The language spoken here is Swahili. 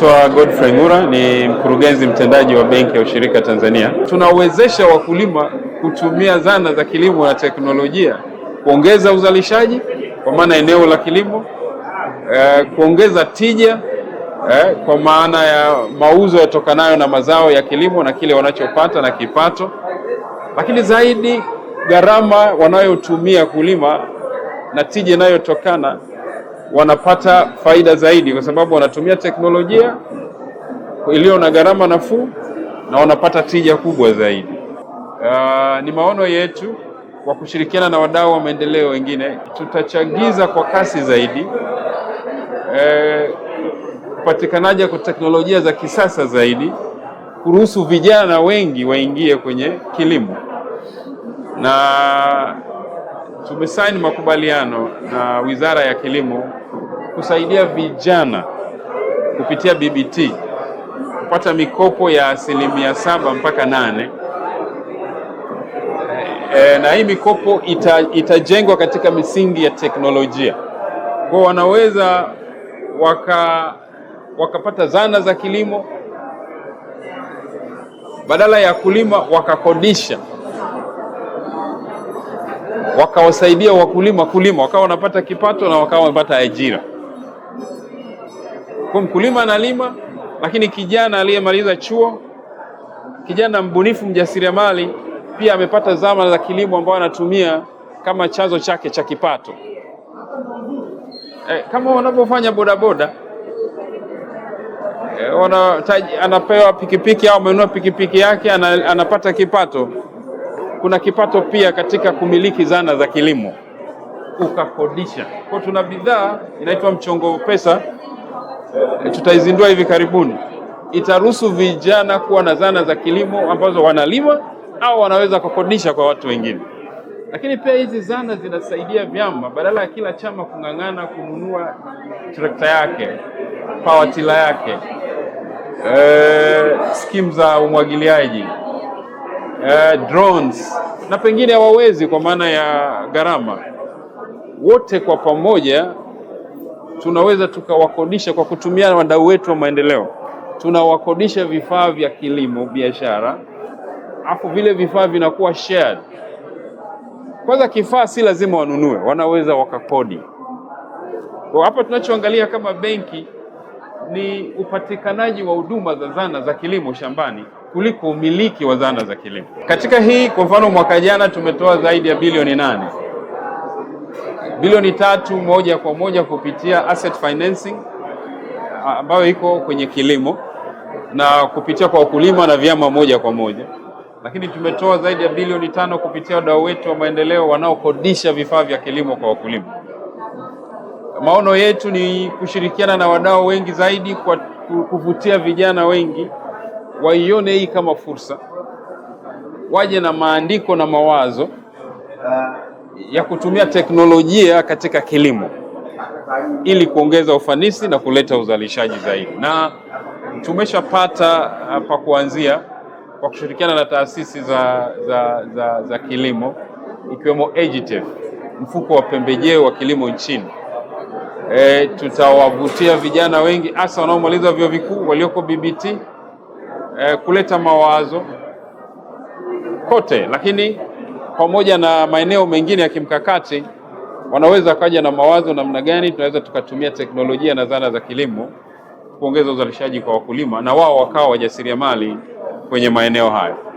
Naitwa Godfrey Ngura ni mkurugenzi mtendaji wa Benki ya Ushirika Tanzania. Tunawezesha wakulima kutumia zana za kilimo na teknolojia kuongeza uzalishaji kwa maana eneo la kilimo eh, kuongeza tija eh, kwa maana ya mauzo yatokanayo na mazao ya kilimo na kile wanachopata na kipato, lakini zaidi gharama wanayotumia kulima na tija inayotokana wanapata faida zaidi, kwa sababu wanatumia teknolojia iliyo na gharama nafuu na wanapata tija kubwa zaidi. Uh, ni maono yetu kwa kushirikiana na wadau wa maendeleo wengine tutachagiza kwa kasi zaidi upatikanaji eh, kwa teknolojia za kisasa zaidi, kuruhusu vijana wengi waingie kwenye kilimo na tumesaini makubaliano na Wizara ya Kilimo kusaidia vijana kupitia BBT kupata mikopo ya asilimia saba mpaka nane e, na hii mikopo ita, itajengwa katika misingi ya teknolojia kwa wanaweza waka wakapata zana za kilimo badala ya kulima wakakodisha wakawasaidia wakulima kulima, wakawa wanapata kipato na wakawa wanapata ajira. Kwa mkulima analima, lakini kijana aliyemaliza chuo, kijana mbunifu, mjasiriamali, pia amepata zama za kilimo ambayo anatumia kama chanzo chake cha kipato. E, kama wanavyofanya bodaboda e, eh, wana, taj, anapewa pikipiki au amenunua pikipiki yake ana, anapata kipato kuna kipato pia katika kumiliki zana za kilimo ukakodisha. Kwa tuna bidhaa inaitwa mchongo pesa, e, tutaizindua hivi karibuni. Itaruhusu vijana kuwa na zana za kilimo ambazo wanalima au wanaweza kukodisha kwa watu wengine. Lakini pia hizi zana zinasaidia vyama, badala ya kila chama kung'ang'ana kununua trekta yake, pawatila yake, e, skimu za umwagiliaji uh, drones na pengine hawawezi kwa maana ya gharama. Wote kwa pamoja tunaweza tukawakodisha kwa kutumia wadau wetu wa maendeleo, tunawakodisha vifaa vya kilimo biashara, afu vile vifaa vinakuwa shared. Kwanza kifaa si lazima wanunue, wanaweza wakakodi. Kwa hapa tunachoangalia kama benki ni upatikanaji wa huduma za zana za kilimo shambani kuliko umiliki wa zana za kilimo. Katika hii kwa mfano, mwaka jana tumetoa zaidi ya bilioni nane bilioni tatu moja kwa moja kupitia asset financing ambayo iko kwenye kilimo na kupitia kwa wakulima na vyama moja kwa moja, lakini tumetoa zaidi ya bilioni tano kupitia wadau wetu wa maendeleo wanaokodisha vifaa vya kilimo kwa wakulima. Maono yetu ni kushirikiana na wadau wengi zaidi kwa kuvutia vijana wengi waione hii kama fursa, waje na maandiko na mawazo ya kutumia teknolojia katika kilimo ili kuongeza ufanisi na kuleta uzalishaji zaidi. Na tumeshapata uh, pa kuanzia kwa kushirikiana na taasisi za, za, za, za kilimo ikiwemo AGITF, mfuko wa pembejeo wa kilimo nchini. E, tutawavutia vijana wengi hasa wanaomaliza vyuo vikuu walioko BBT eh, kuleta mawazo kote, lakini pamoja na maeneo mengine ya kimkakati wanaweza kaja na mawazo namna gani tunaweza tukatumia teknolojia na zana za kilimo kuongeza uzalishaji kwa wakulima na wao wakawa wajasiriamali kwenye maeneo hayo.